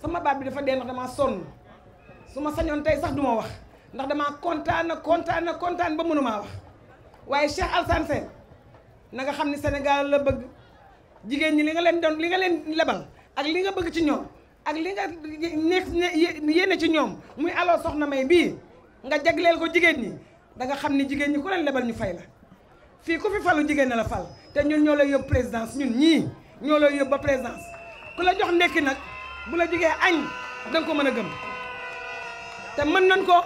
sama baat bi dafa dee ndax damaa sonn su ma sañoon tey sax du ma wax ndax damaa kontaan na kontaan na kontaan ba mënumaa wax waaye Cheikh Alassane Sène na nga xam ni Sénégal la bëgg jigéen ñi li nga leen doon li nga leen lebal ak li nga bëgg ci ñoom ak li nga nekk yéene ci ñoom muy aloo soxna may bii nga jagleel ko jigéen ñi da nga xam ni jigéen ñi ku leen lebal ñu fay la fii ku fi falu jigéen na la fal te ñun ñoo lay yóbbu présidence ñun ñii ñoo lay yóbbu ba présidence ku la jox ndekki nag bu la jugee añ dañ ko mën a gëm te mën nañ ko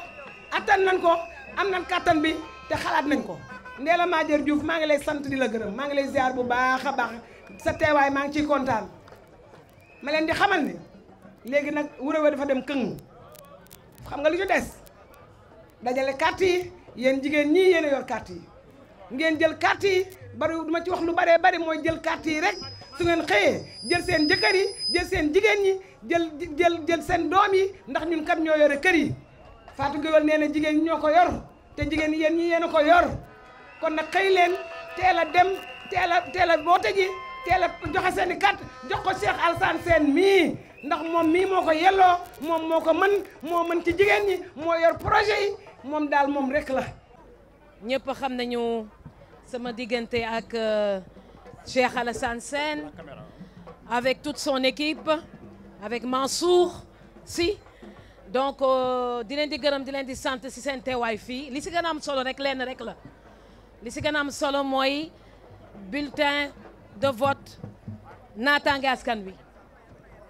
attan nañ ko am nañ kàttan bi te xalaat nañ ko Ndella Madior Diouf maa ngi lay sant di la gërëm maa ngi lay ziar bu baax a baax sa teewaay maa ngi ciy kontaan ma leen di xamal ni léegi nag wurawe dafa dem këng xam nga li ci des dajale carte yi yéen jigéen ñii yéen a yor yi ngeen jël carte yi bari duma ci wax lu baree bari mooy jël carte yi rek su ngeen xëyee jël seen jëkkër yi jël seen jigéen ñi jël jël jël seen doom yi ndax ñun kat ñoo yore kër yi Fatou Guewel nee na jigéen ñoo ko yor te jigéen ñi yéen ñi yéen ko yor kon nag xëy leen teel a dem teel a teel a boote ji teel a joxe seen i kat jox ko Cheikh Alassane Sène mii ndax moom mii moo ko yelloo moom moo ko mën moo mën ci jigéen ñi moo yor projet yi moom daal moom rek la. ñëpp xam nañu sama diggante ak. Euh, Cheikh Alassane Sène avec toute son équipe avec Mansour si donc euh, di leen di gërëm di leen di sant si seen teewaay fii li si gën a am solo rek lenn rek la li si gën a solo mooy bulletin de vote naataange askan wi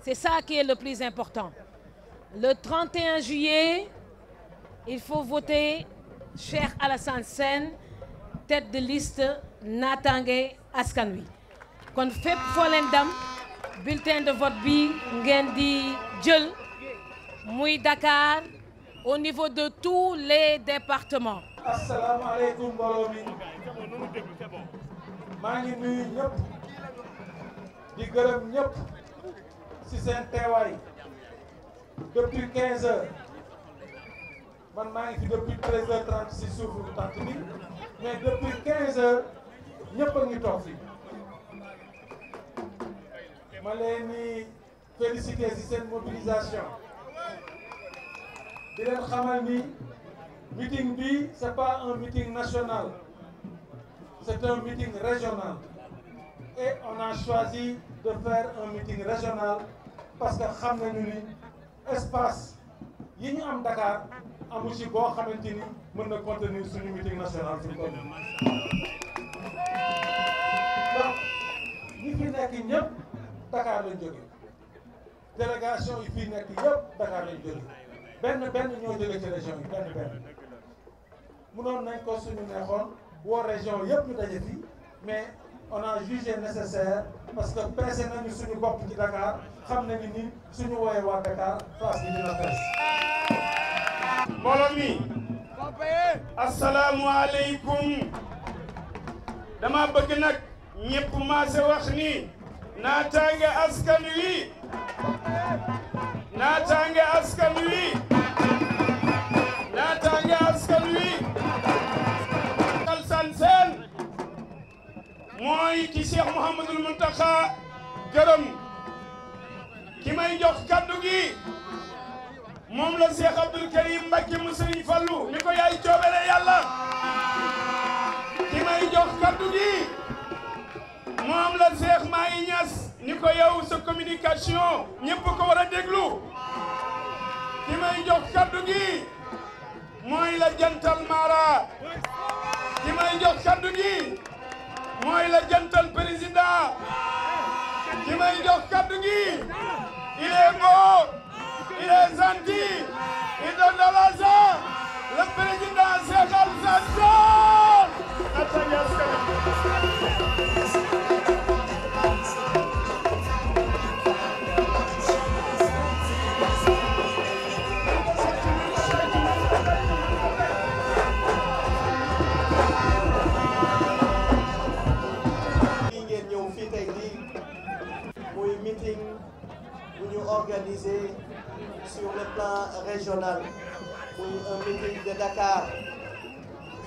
c'est ça qui est le plus important le 31 juillet il faut voter Cheikh Alassane Sène tête de liste naataange askan wi kon fépp foo leen dem bulletin de vote bi ngeen di jël muy dakaar au niveau de tous les départements. asalaamaaleykum mbooloo mi maa ngi nuyu ñëpp di gërëm ñëpp ci seen teewaay depuis 15 man maa ngi fi depuis 13 ci suufu mais depuis 15 ñëpp a ngi toog si ma leen ni félicité si seen mobilisation di leen meeting bi c'est pas un meeting national c'est un meeting régional et on a de faire un meeting régional parce que xam nañu ni espace yi ñu am Dakar amu ci boo xamante ni mën na contenir suñu meeting national suñu commune ndax ñi fi nekk ñëpp Dakar lañ jóge délégation yi fii nekk yëpp Dakar lañ jóge benn benn ñoo jóge ci région yi benn benn mënoon nañ ko suñu neexoon woo région yëpp ñu daje mais on a jugé nécessaire parce que peese nañu suñu bopp ci Dakar xam nañu ni suñu woowee waa Dakar face bi dina fees. mbooloo mi asalaamualeykum. dama bëgg nag ñëpp maase wax ni naataange askan wi naataange askan wi naataange askan wi Alassane Sène mooy ki Cheikh Mouhamadoul Mountakha gërëm ki may jox kaddu gi moom la Cheikh Abdoul Karim Mbacké mu Serigne Fallou ni ko yaay coobere yàlla lay jox kaddu gi moom la Cheikh Mahi Niass ni ko yow sa communication ñëpp ko war a déglu ki may jox kaddu gi mooy la jantal Mara ki may jox kaddu gi mooy may jox kaddu gi il est beau il est gentil il donne de l'argent le président Sanyas Kanam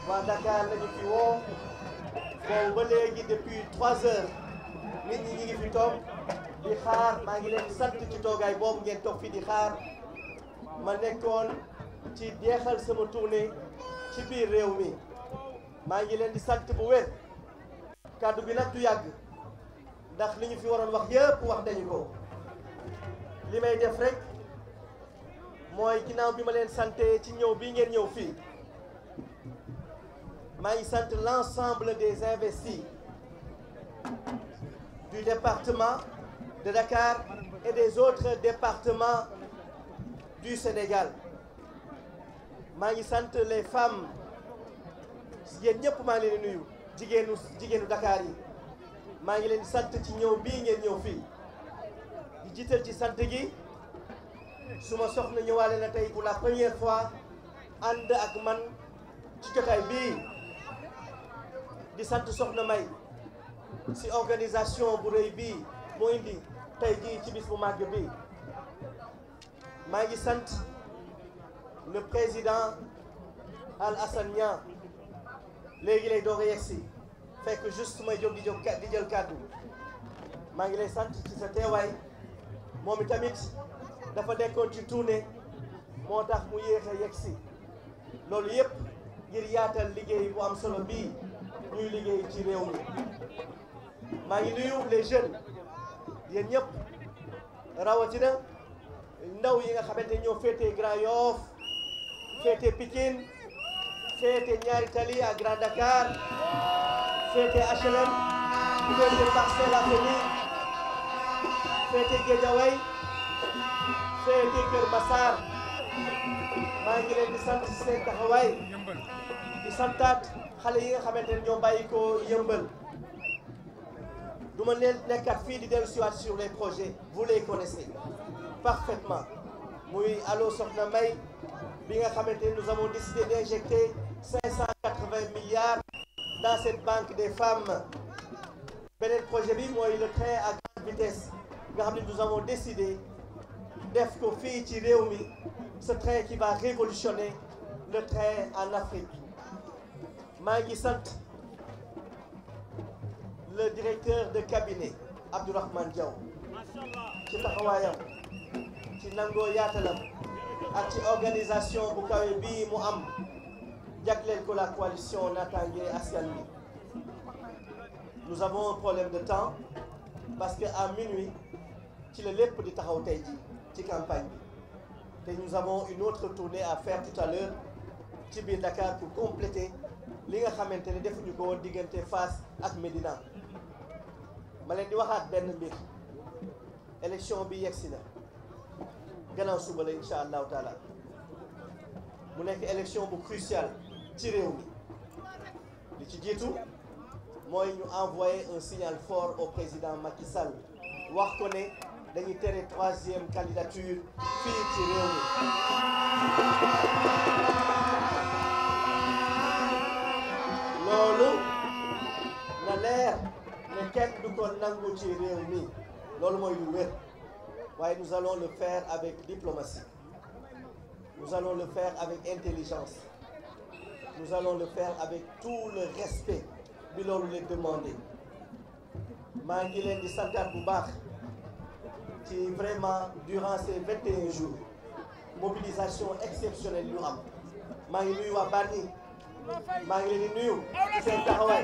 waa Dakar la fi woo boobu ba depuis trois heures nit ñi ñi fi toog di xaar maa ngi leen sant ci toogaay boobu ngeen toog fi di xaar ma nekkoon ci jeexal sama tournée ci biir réew mi maa ngi leen di sant bu wér kàddu bi nag du yàgg ndax li ñu fi waroon wax yëpp wax dañu ko li may def rek mooy ginnaaw bi ma leen sante ci ñëw bi ngeen ñëw fii maa ngi sant l'ensemble des investis du département de Dakar et des autres départements du Sénégal maa ngi sant femme femmes yéen ñëpp maa ngi leen nuyu jigéenu jigéenu Dakar yi maa ngi leen di sant ci ñëw bii ngeen ñëw fii di jiital ci sant gi suma soxna ñëwaale na tey pour la première fois ànd ak man ci jotaay bii di sant soxna May si organisation bu rëy bii moo indi tey jii ci bis bu màgg bi maa ngi sant le président Al Hassan Niang léegi lay doog a yegsi fekk juste may jóg di jóg di jël kàddu maa ngi lay sant ci sa teewaay moom itamit dafa nekkoon ci tournée moo tax mu yéex a yegsi loolu yëpp ngir yaatal liggéey bu am solo bii. ñuy liggéey ci réew mi maa ngi nuyu les jeunes yéen ñëpp rawatina ndaw yi nga xamante ñoo féetee Grand Yoff féetee Pikine féetee Ñaari Tali ak Grand Dakar féetee HLM féetee Parcelles Assainies féetee Guédiawaye féetee Kër Massar maa ngi leen di sant seen taxawaay di santaat xale yi nga xamante ne ñoo bàyyi ko yëmbal du ma leen nekkat fii di dellu siwaat sur les projets vous les connaissez parfaitement muy allo Soxna May bi nga xamante ne nous avons décidé d'injecter 580 milliards dans cette banque des femmes beneen projet bi mooy le train à grande vitesse nga xam ne nous avons décidé def ko fii ci réew mi ce train qui va révolutionner le train en Afrique maa ngi sant le directeur de cabinet Abdourahmane Diaw ci taxawaayam ci nangoo yaatalam ak ci organisation bu bii mu am jagleel ko la coalition naataange askan wi nous avons un problème de temps parce que à minuit ci la lépp di taxaw tey ji ci campagne bi te nous avons une autre tournée à faire tout à l'heure ci biir Dakar pour compléter li nga xamante ne defuñu ko diggante fas ak Médina ma leen di waxaat benn mbir élection bi yegsi na gannaaw suba la incha allahu taala mu nekk élection bu cruciale ci réew mi li ci jiitu mooy ñu envoyé un signal fort au président Macky wax ko ne dañuy tere troisième candidature fii ci réew mi loolu na leer ne kenn du ko nangu ci réew mi loolu mooy lu wér waaye nous allons le faire avec diplomatie nous allons le faire avec intelligence nous allons le faire avec tout le respect bi loolu leen demandé maa ngi leen di santaat bu baax ci vraiment durant ces vingt et un jours mobilisation exceptionnelle yu am maa ngi nuyu waa Bargny maa ngi leen di nuyu ci seen taxawaay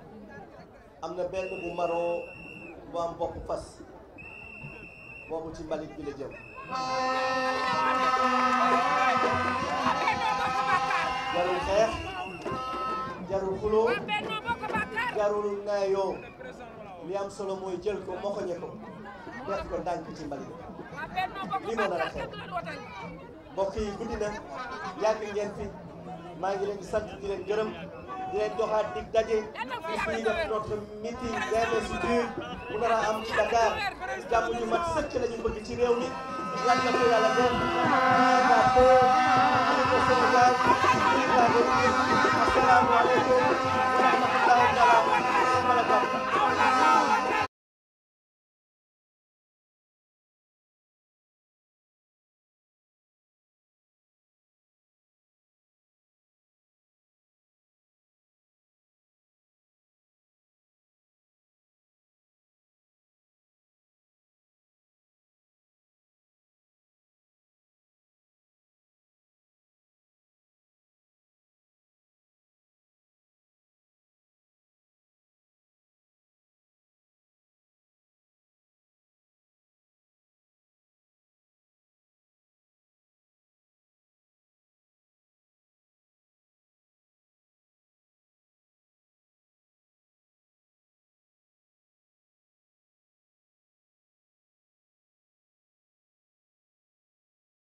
am na benn bu maroo bu am bopp fas boobu ci mbalit bi la jëm jarul xeex jarul xuloo jarul ngaayoo li am solo mooy jël ko moxoñe ko def ko ndànk ci mbalit li ma nar a xeex mbokk yi guddi na yàgg maa ngi leen di sant di leen gërëm di leen joxaat dig daje bis ñuy def notre meeting d'investiture bu nar a am ci Dakar jàmm ñu mat sëkk la ñu bëgg ci réew mi yal na ko yàlla def vive la paix vive le Sénégal vive la République asalaamaaleykum